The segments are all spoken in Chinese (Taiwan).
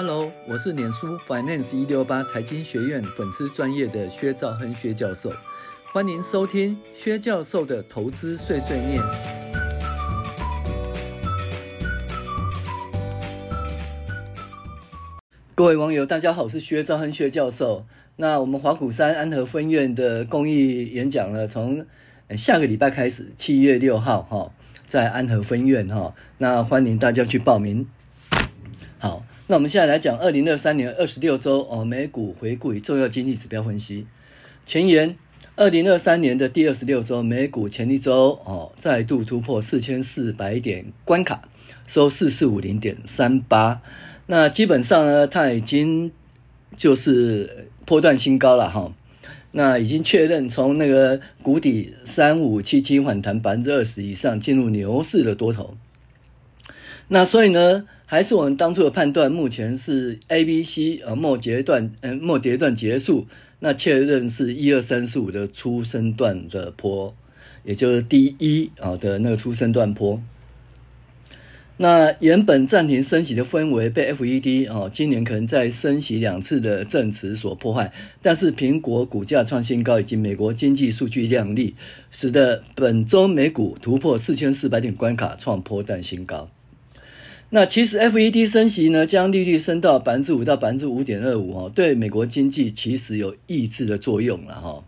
Hello，我是臉書 Finance 一六八財經學院粉絲專頁的薛兆亨薛教授，歡迎收聽薛教授的投資碎碎念。各位網友，大家好，我是薛兆亨薛教授。那我們法鼓山安和分院的公益演講呢，從下個禮拜開始，七月六號哈，在安和分院哈，那歡迎大家去報名。好。那我們現在來講二零二三年二十六周哦，美股回顧與重要經濟指標分析。前言：二零二三年的第二十六周，美股前一周哦，再度突破四千四百點關卡，收四四五零點三八。那基本上呢，它已經就是波段新高了哈。那已經確認從那個谷底三五七七反彈百分之二十以上，進入牛市的多頭。那所以呢？還是我們當初的判斷，目前是 A、B、C 呃，末跌段，嗯，末跌段結束，那確認是一二三四五的初升段的波，也就是第一啊的那個初升段波。那原本暫停升息的氛圍被 FED 哦今年可能再升息兩次的證詞所破壞，但是蘋果股價創新高，以及美國經濟數據亮麗，使得本周美股突破四千四百點關卡，創波段新高。那其實 FED 升息呢，將利率升到百分之五到百分之五點二五哦，對美國經濟其實有抑制的作用了哈。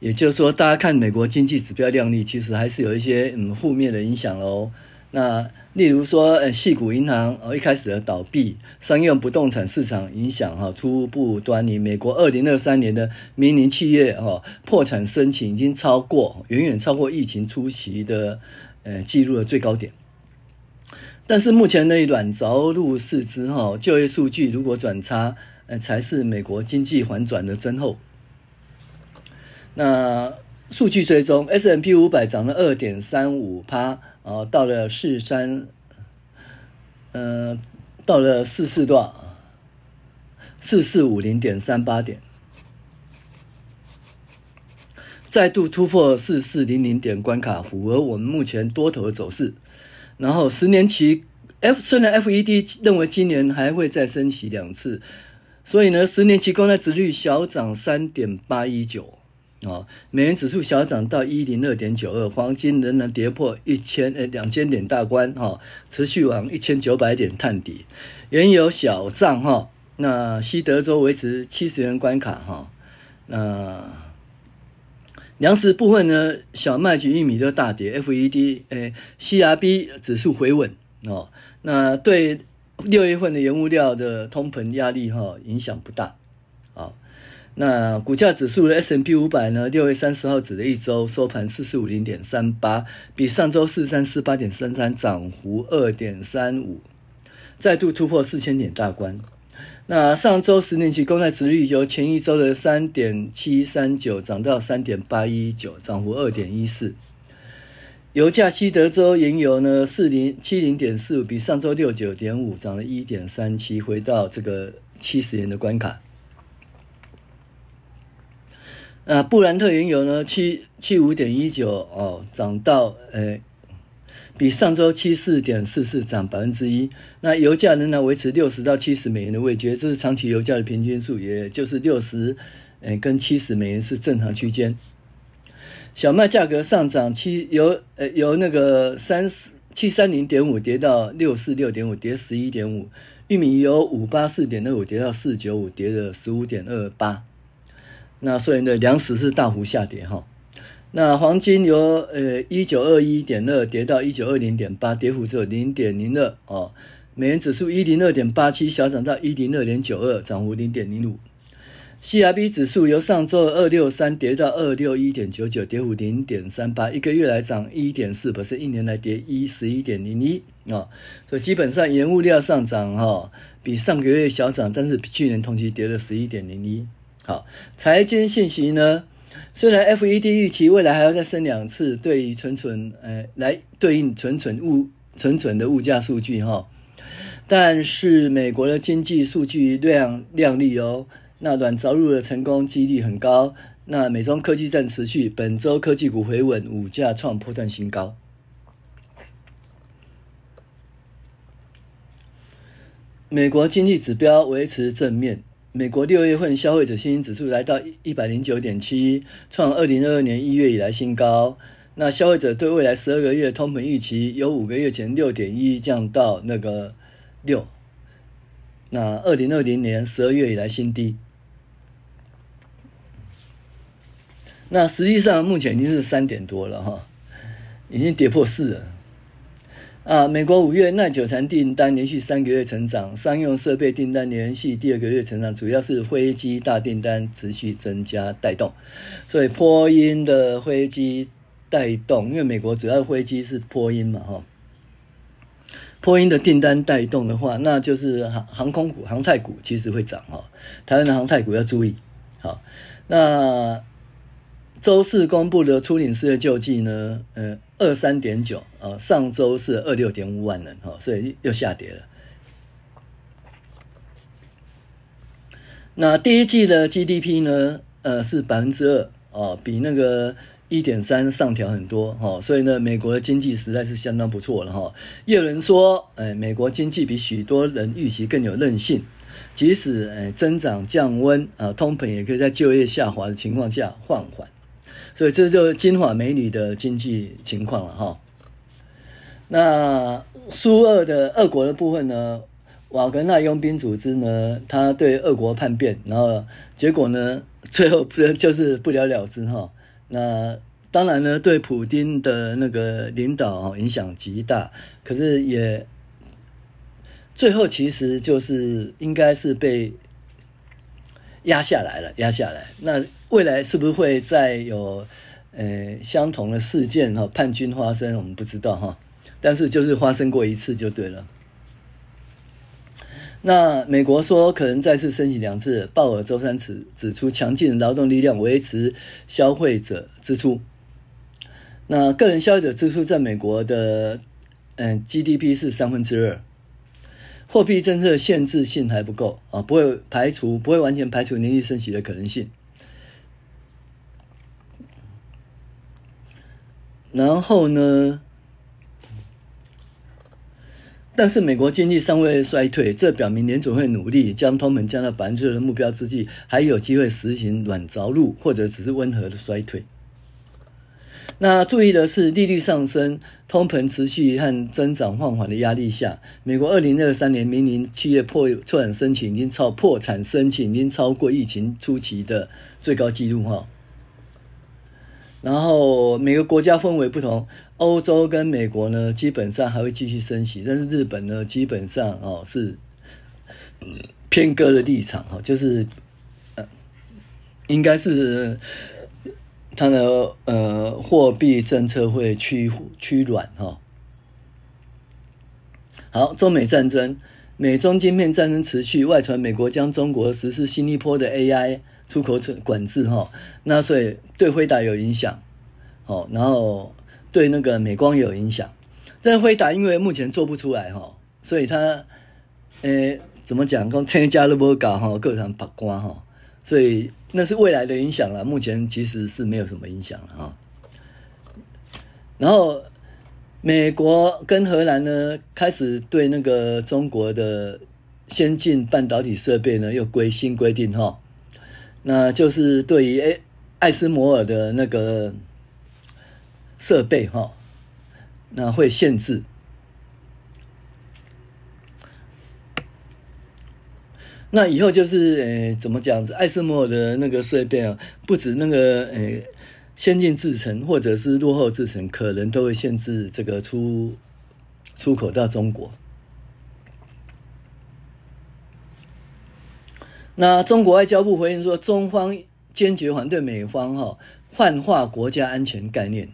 也就是說，大家看美國經濟指標亮麗，其實還是有一些嗯負面的影響嘍。那例如說，矽谷銀行哦一開始的倒閉，商用不動產市場影響哈、哦，初步端倪。美國二零二三年的民營企業哦，破產申請已經超過遠遠超過疫情初期的呃記錄的最高點。但是目前那軟着陸視之後，就業數據如果轉差，呃，才是美國經濟反轉的徵候。那數據追蹤，S&P 五百漲了二點三五趴哦，到了四三，嗯，到了四四多少？四四五零點三八點，再度突破四四零零點關卡，符合我們目前多頭的走勢。然後十年期，F 雖然 FED 認為今年還會再升息兩次，所以呢，十年期公債殖利率小漲三點八一九，美元指數小漲到一零二點九二，黃金仍然跌破一千呃、哎、兩千點大關，哈、哦，持續往一千九百點探底，原油小漲，哈、哦，那西德州維持七十元關卡，哈、哦，那。糧食部分呢，小麥及玉米都大跌，F E D C R B 指數回穩哦。那對六月份的原物料的通膨壓力哈、哦、影響不大啊、哦。那股價指數的 S&P 五百呢，六月三十號指的一周收盤四四五零點三八，比上周四三四八點三三漲幅二點三五，再度突破四千點大關。那上周十年期公債殖利率由前一周的三點七三九漲到三點八一九，漲幅二點一四。油價西德州原油呢四零七零點四五，40, 45, 比上周六九點五漲了一點三七，回到這個七十元的關卡。那布蘭特原油呢七七五點一九哦，漲到誒。欸比上周七四點四四漲百分之一，那油價仍然維持六十到七十美元的位置，這是長期油價的平均數，也就是六十，嗯，跟七十美元是正常區間。小麥價格上漲七由呃、欸、由那個三十七三零點五跌到六四六點五，跌十一點五。玉米由五八四點二五跌到四九五，跌了十五點二八。那所以呢，糧食是大幅下跌齁。那黃金由呃一九二一點二跌到一九二零點八，跌幅只有零點零二哦。美元指數一零二點八七小漲到一零二點九二，漲幅零點零五。C R B 指數由上周二六三跌到二六一點九九，跌幅零點三八，一個月來漲一點四，不是一年來跌一十一點零一哦，所以基本上原物料上漲哈、哦，比上個月小漲，但是比去年同期跌了十一點零一。好，財經信息呢？雖然 FED 預期未來還要再升兩次，對於純純誒來對應純純物純純的物價數據哈，但是美國的經濟數據亮亮麗哦，那軟着陸的成功幾率很高。那美中科技戰持續，本週科技股回穩，股價創波段新高。美國經濟指標維持正面。美國六月份消費者信心指數來到一百零九點七，創二零二二年一月以來新高。那消費者對未來十二個月通膨預期由五個月前六點一降到那個六，那二零二零年十二月以來新低。那實際上目前已經是三點多了哈，已經跌破四了。啊，美國五月耐久財訂單連續三個月成長，商用設備訂單連續第二個月成長，主要是飛機大訂單持續增加帶動，所以波音的飛機帶動，因為美國主要的飛機是波音嘛，哈。波音的訂單帶動的話，那就是航航空股、航太股其實會漲哈，台灣的航太股要注意。好，那週四公布的初領失業救濟呢，嗯、呃。二三點九啊，上週是二六點五萬人哈、哦，所以又下跌了。那第一季的 GDP 呢，呃是百分之二啊，比那個一點三上調很多哦，所以呢，美國的經濟實在是相當不錯了哈。哦、也有人說，哎，美國經濟比許多人預期更有韌性，即使哎增長降溫啊，通膨也可以在就業下滑的情況下放緩，緩。所以這就是金華美女的經濟情況了哈。那蘇俄的俄國的部分呢？瓦格納傭兵組織呢？他對俄國叛變，然後結果呢？最後不就是不了了之哈？那當然呢，對普丁的那個領導影響極大。可是也最後其實就是應該是被。壓下來了，壓下來。那未來是不是會再有，呃，相同的事件哈、哦，叛軍發生，我們不知道哈。但是就是發生過一次就對了。那美國說可能再次升息兩次。鮑爾週三指指出，強勁的勞動力量維持消費者支出。那個人消費者支出在美國的，嗯、呃、，GDP 是三分之二。貨幣政策限制性還不夠啊，不會排除，不會完全排除年底升息的可能性。然後呢，但是美國經濟尚未衰退，這表明聯準會努力將通膨降到百分之二的目標之際，還有機會實行軟着陸，或者只是溫和的衰退。那注意的是，利率上升、通膨持續和增長放緩的壓力下，美國二零二三年明年七月破產申請已經超破產申請已經超過疫情初期的最高紀錄哈。然後每個國家氛圍不同，歐洲跟美國呢基本上還會繼續升息，但是日本呢基本上哦是偏鴿的立場哈，就是應該是。它的呃貨幣政策會趨趨軟哈。好，中美戰爭，美中芯片戰爭持續，外傳美國將中國實施新一波的 AI 出口准管制哈。那所以對輝達有影響，哦，然後對那個美光也有影響。但輝達因為目前做不出來哈，所以他呃、欸、怎麼講，講廠加都波搞哈，各人八卦哈，所以。那是未來的影響了，目前其實是沒有什麼影響了哈。然後，美國跟荷蘭呢，開始對那個中國的先進半導體設備呢，又規新規定哈，那就是對於艾斯摩爾的那個設備哈，那會限制。那以後就是，呃、欸、怎麼講？艾斯摩爾的那個設備啊，不止那個，呃、欸、先進製程或者是落後製程，可能都會限制這個出出口到中國。那中國外交部回應說，中方堅決反對美方哈、哦、泛化國家安全概念，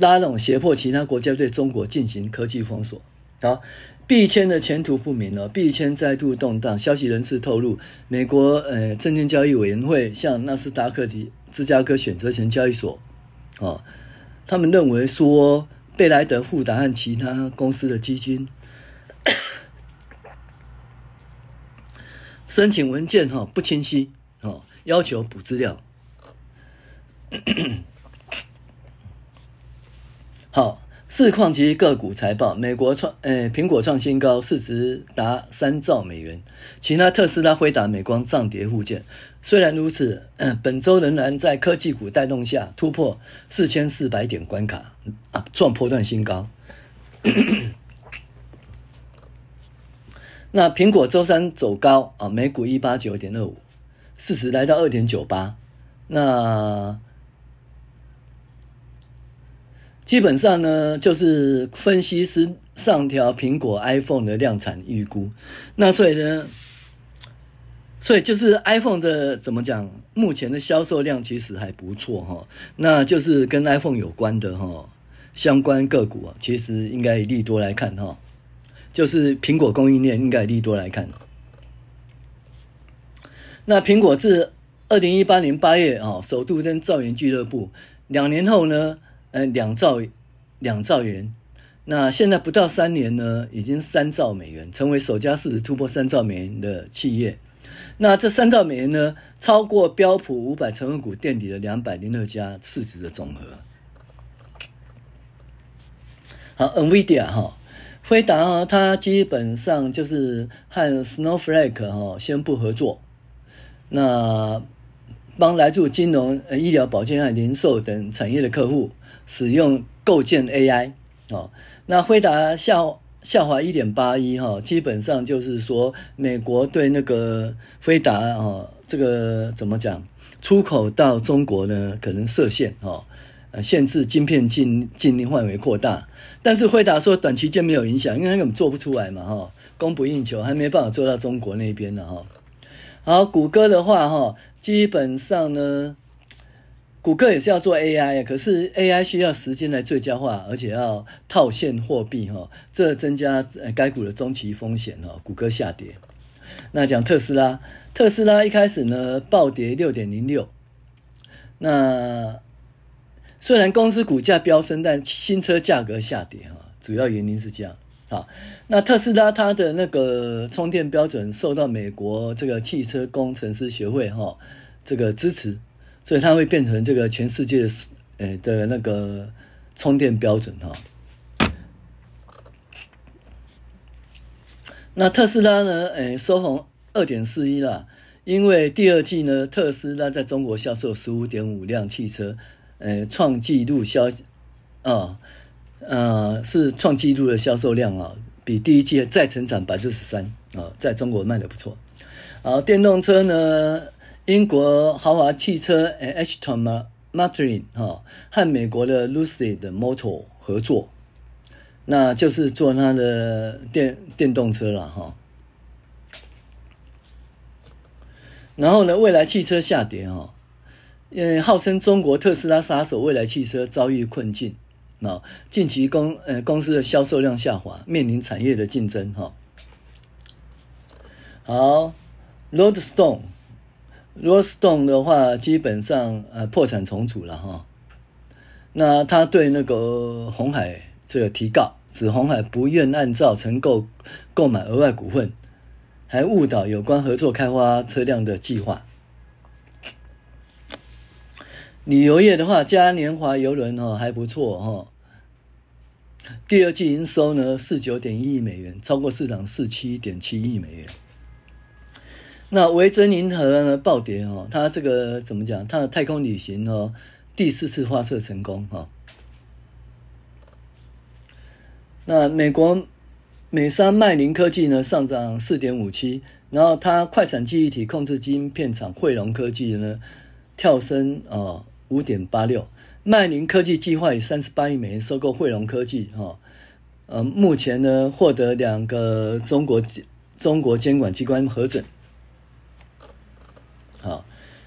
拉攏脅迫其他國家對中國進行科技封鎖，啊。幣圈的前途不明了，幣圈再度動盪。消息人士透露，美國呃證券交易委員會向納斯達克及芝加哥選擇權交易所，哦，他們認為說貝萊德、富達和其他公司的基金 申請文件哈、哦、不清晰哦，要求補資料。 好。市況及個股財報，美國創誒，蘋果創新高，市值達三兆美元。其他特斯拉、輝達美光漲跌互見。雖然如此，呃、本周仍然在科技股帶動下突破四千四百點關卡，啊，創波段新高。咳咳那蘋果周三走高啊，每股一八九點二五，市值來到二點九八。那基本上呢，就是分析師上調蘋果 iPhone 的量產預估，那所以呢，所以就是 iPhone 的怎麼講，目前的銷售量其實還不錯哈，那就是跟 iPhone 有關的哈，相關個股其實應該以利多來看哈，就是蘋果供應鏈應該利多來看。那蘋果自二零一八年八月啊，首度跟兆元俱樂部，兩年後呢？嗯，兩、哎、兆，兩兆元，那現在不到三年呢，已經三兆美元，成為首家市值突破三兆美元的企業。那這三兆美元呢，超過標普五百成分股墊底的兩百零二家市值的總和。好，NVIDIA 哈，輝達它基本上就是和 Snowflake 哈宣布合作。那幫來自金融、呃、醫療保健啊、零售等產業的客戶使用構建 AI，哦，那輝達下下滑一點八一哈，基本上就是說美國對那個輝達哦，這個怎麼講，出口到中國呢，可能設限哦，呃，限制晶片禁禁令範圍擴大，但是輝達說短期間沒有影響，因為他根本做不出來嘛哈、哦，供不應求，還沒辦法做到中國那邊的哈。哦好，谷歌的話，哈，基本上呢，谷歌也是要做 AI 呀，可是 AI 需要時間來最佳化，而且要套現貨幣，哈，這增加該股的中期風險，哈，谷歌下跌。那講特斯拉，特斯拉一開始呢暴跌六點零六，那雖然公司股價飆升，但新車價格下跌，哈，主要原因是這樣。好，那特斯拉它的那個充電標準受到美國這個汽車工程師協會哈、哦、這個支持，所以它會變成這個全世界的哎、的那個充電標準哈、哦。那特斯拉呢，哎，收紅二點四一啦，因為第二季呢，特斯拉在中國銷售十五點五輛汽車，哎，創紀錄銷啊。哦呃，是創紀錄的銷售量啊，比第一季再成長百分之十三啊，在中國賣的不錯。啊，電動車呢，英國豪華汽車 Aston Martin 哈、啊、和美國的 Lucid Motor 合作，那就是做它的電電動車了哈、啊。然後呢，蔚來汽車下跌哦，嗯、啊，號稱中國特斯拉殺手蔚來汽車遭遇困境。那、哦、近期公呃公司的銷售量下滑，面臨產業的競爭哈、哦。好，Roadstone，Roadstone Road 的話基本上呃破產重組了哈、哦。那他對那個鴻海這個提告，指鴻海不願按照承購購買額外股份，還誤導有關合作開發車輛的計劃。旅遊業的話，嘉年華郵輪，哦還不錯哈、哦。第二季營收呢四九點一億美元，超過市場四七點七億美元。那維珍銀河呢暴跌哦，它這個怎麼講？它的太空旅行哦第四次發射成功哈、哦。那美國美商麥林科技呢上漲四點五七，然後它快閃記憶體控制晶片廠慧榮科技呢跳升哦。五點八六，邁凌科技計劃以三十八億美元收購慧榮科技，哈，呃，目前呢獲得兩個中國中國監管機關核准。好，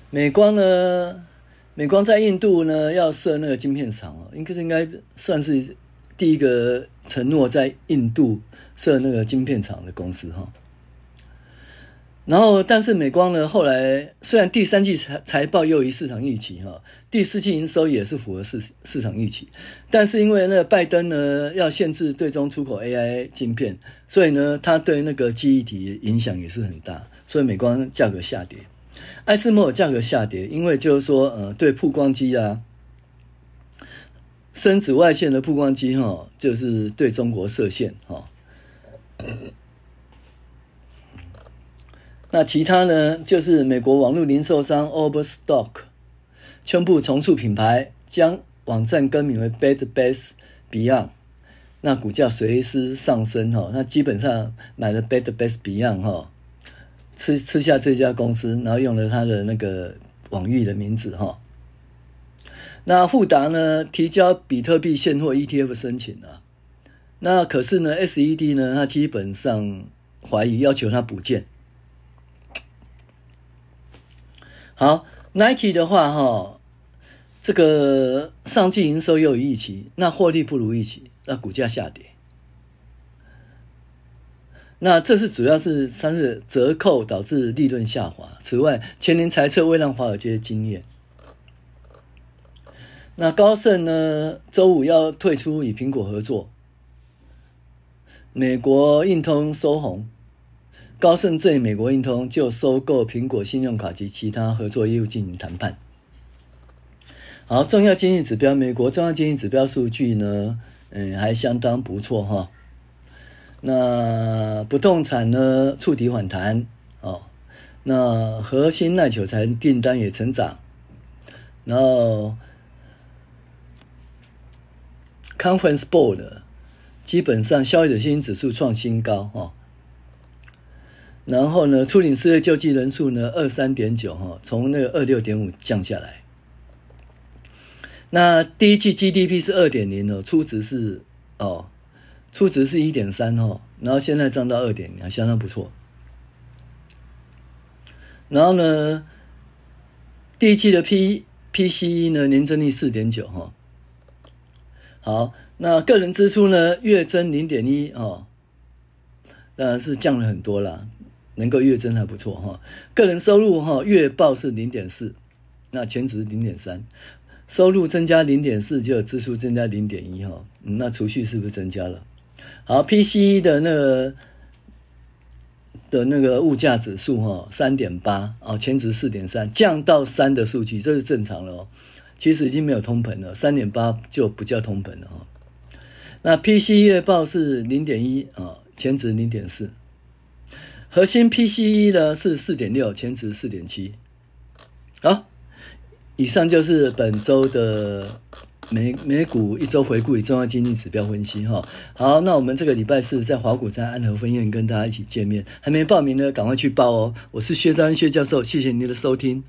美光呢，美光在印度呢要設那個晶片廠，應該是應該算是第一個承諾在印度設那個晶片廠的公司哈。然後，但是美光呢，後來雖然第三季財報優於市場預期哈，第四季營收也是符合市市場預期，但是因為那個拜登呢要限制對中出口 AI 晶片，所以呢，它對那個記憶體影響也是很大，所以美光價格下跌，艾斯莫爾價格下跌，因為就是說，呃，對曝光機啊，深紫外線的曝光機哈、哦，就是對中國設限哈。哦那其他呢？就是美國網絡零售商 Overstock 宣布重塑品牌，將網站更名為 Bed Bath Beyond。那股價隨時上升哈、哦。那基本上買了 Bed Bath Beyond 哈、哦，吃吃下這家公司，然後用了他的那個網域的名字哈、哦。那富達呢，提交比特幣現貨 ETF 申請、啊、那可是呢，SED 呢，它基本上懷疑，要求它補件。好，Nike 的話、哦，哈，這個上季營收優於預期，那獲利不如預期，那股價下跌。那這次主要是三日折扣導致利潤下滑。此外，全年財測未讓華爾街驚艷。那高盛呢？周五要退出與蘋果合作。美國運通收紅。高盛、正美國運通就收購蘋果信用卡及其他合作業務進行談判。好，重要經濟指標，美國重要經濟指標數據呢？嗯，還相當不錯哈、哦。那不動產呢？觸底反彈哦。那核心耐久財訂單也成長。然後，Conference Board 基本上消費者信心指數創新高哦。然後呢，初領失業救濟人數呢，二三點九哈，從那個二六點五降下來。那第一季 GDP 是二點零哦，初值是 3, 哦，初值是一點三哈，然後現在漲到二點，啊相當不錯。然後呢，第一季的 P PCE 呢，年增率四點九哈。好，那個人支出呢，月增零點一哦，當然是降了很多了。能夠月增還不錯哈，個人收入哈月報是零點四，那前值零點三，收入增加零點四就有支出增加零點一哈，那儲蓄是不是增加了？好，PCE 的那個的那個物價指數哈三點八啊，前值四點三降到三的數據，這是正常的哦，其實已經沒有通膨了，三點八就不叫通膨了哈。那 P C 月報是零點一啊，前值零點四。核心 PCE 呢，是四點六，前值四點七。好，以上就是本周的美美股一周回顧與重要經濟指標分析哈。好，那我們這個禮拜四在法鼓山安和分院跟大家一起見面，還沒報名呢，趕快去報哦。我是薛章薛教授，謝謝您的收聽。